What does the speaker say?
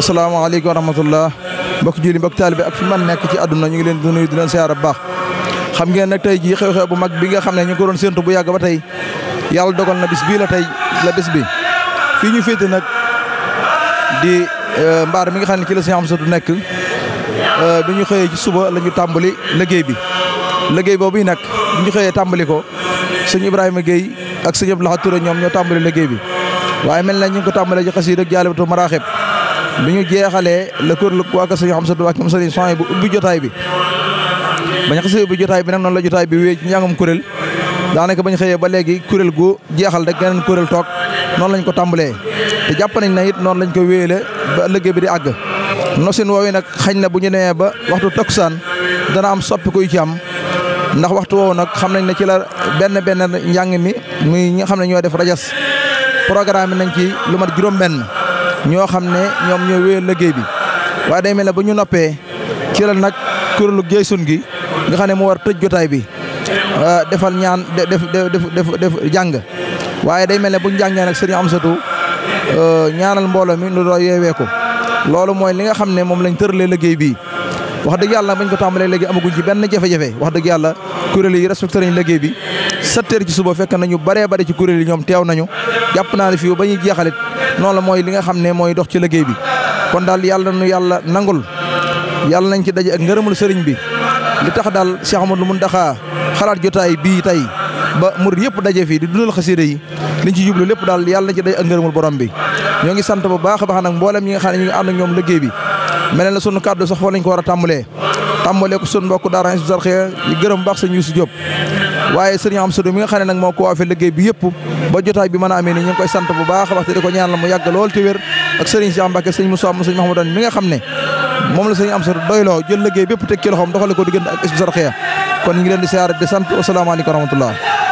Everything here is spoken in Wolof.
asalaamaaleykum wa rahmatullah mbokk julli mbokk taalibe ak fi man nekk ci àdduna ñu ngi leen di nuyu di leen siyaara bu baax xam ngeen nag tey jii xew-xew bu mag bi nga xam ne ñu ngi ko doon séntu bu yàgg ba tey yàlla dogal na bis bii la tey la bis bi fii ñu féete nag di euh, mbaar mi nga xam ne ci la si am sa du nekk euh, bi ñu xëyee ci suba lañu ñu tàmbali liggéey bi liggéey boobu nag bi ñu xëyee tàmbali ko sëñ Ibrahima Gueye ak sëñ Abdou Lahad Touré ñoom ñoo tàmbali liggéey bi waaye mel na ñu ngi ko tàmbalee ci xasiid ak jaalibatu maraaxib bi ñu jeexalee la kër la waa kër sëñ Amsatu Mbàkke moom sëriñ Sohaybu bu ubbi jotaay bi bañ xasee ubbi jotaay bi nag noonu la jotaay bi wéy ci njàngum kuréel daanaka bañ xëyee ba léegi kuréel gu jeexal rek geneen kuréel toog noonu lañ ko tàmbalee te jàpp nañ na it noonu lañ ko wéyale ba liggéey bi di àgg nosin woowu nag xañ na bu ñu nee ba waxtu takkusaan dana am soppi kuy ci am ndax waxtu woowu nag xam nañ ne ci la benn benn njàng mi muy ñi xam ne ñoo def rajas programme nañ ci lu mat juróom ñoo xam ne ñoom ñooy wéyal liggéey bi waaye day mel ne bu ñu noppee ci la nag kuréelu suñ gi nga xam ne moo war tëj jotaay bi euh, defal ñaan def def def def jàng waaye day mel ne bu ñu jàngee nag sëriñ Amsatu euh, ñaanal mbooloo mi lu doo yeewee ko loolu mooy li nga xam ne moom lañu tëralee liggéey bi wax dëgg yàlla bañ ko tàmbalee léegi amaguñ ci benn jafe-jafe wax dëgg yàlla kuréel yi respecté nañ liggéey bi sept heures ci suba fekk nañu baree bari ci kuréel yi ñoom teew nañu jàpp naa ne fii ba ñuy jeexalit noonu la mooy li nga xam ne mooy dox ci liggéey bi kon daal yàlla nu yàlla nangul yàlla nañ ci daje ak ngërëmul sëriñ bi li tax daal Cheikh Amadou Mountakha xalaat jotaay bii tey ba mur yëpp daje fii di dundal xasida yi liñ ci jublu lépp daal yàlla nañ ci daje ak ngërëmul borom bi ñoo ngi sant bu baax a baax nag mboolem ñi nga xam ne ñu ngi ànd ak ñoom liggéey mel la sunu kàddu sax foofu lañ ko war a tàmbalee tàmbalee ko sunu mbokku daara Hizbut Tarqiyyah yi gërëm baax sëñ Youssou Diop waaye sëriñ am sadu mi nga xam ne nag moo ko waafee liggéey bi yëpp ba jotaay bi mën a amee ni ñu koy sant bu baax waxte di ko ñaanal mu yàgg lool te wér ak sëriñ Cheikh Mbacke sëñ Moussa sëñ Mahmoudane mi nga xam ne moom la sëriñ am sadu doyloo jël liggéey bépp teg ci loxoom doxale ko diggante ak Hizbut Tarqiyyah kon ñu ngi leen di siyaare di sant wasalaamaaleykum